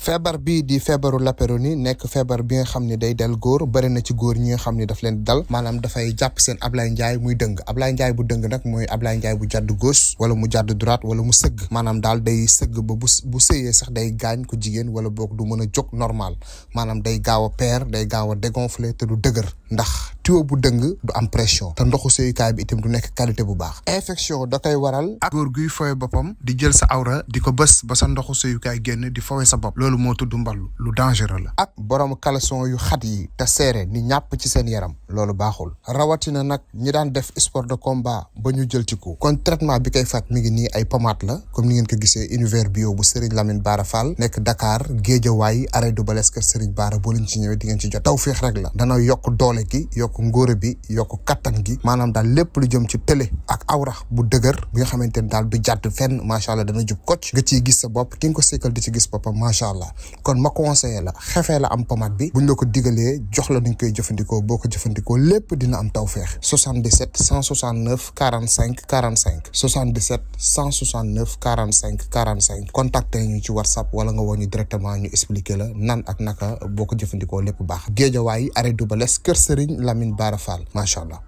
feebar bii di feebaru ni nekk feebar bi nga xam ne day dal góor bëri na ci góor ñi xam ni daf leen dal maanaam dafay jàpp seen Ablaye Ndiaye muy dëng Ablaye Ndiaye bu dëng nag mooy Ablaye Ndiaye bu jàdd gauche wala mu jàdd droite wala mu sëgg maanaam daal day sëgg ba bu bu sëyee sax day gaañ ko jigéen wala boog du mën a jóg normal maanaam day gaaw a peer day gaaw a dégonfler te du dëgër ndax tuyau dëng du am pression te ndoxu seyukaay bi itam du nekk qualité bu baax infection da koy waral ak góor guy fowe boppam di jël sa awra di ko bës ba sa ndoxu seyukaay génn di fowe sa bopp loolu moo tudd mballu lu dangereux la ak borom caleçon yu xat yi te seere ni ñàpp ci seen yaram loolu baaxul rawatina nag ñi daan def sport de combat ba ñu jël ci ko kon traitement bi koy faj mu ngi nii ay pommade la comme ni ngeen ko gisee univers bio bu Serigne Lamine Bara Fall nekk Dakar Géejawaay arrêt du Balesque ngóore bi yokk kattan gi maanaam daal lépp lu jëm ci télé ak awra bu dëgër bi nga xamante ne daal du jàdd fenn macha allah dana jub kocc nga ciy gis sa bopp ki nga ko sekkal di ci gis boppam macha allah kon ma conseillé la xefee la am pomade bi buñ la ko digalee jox la nuñ koy jëfandikoo boo ko jëfandikoo lépp dina am tawféex 77 169 45 45 77 169 45 45 contacter ñu ci whatsapp wala nga woo ñu directement ñu expliquer la nan ak naka boo ko jëfandikoo lépp baax géejawaay arrêt du bales kër Serigne Lamine Lamine Bara Fall macha allah.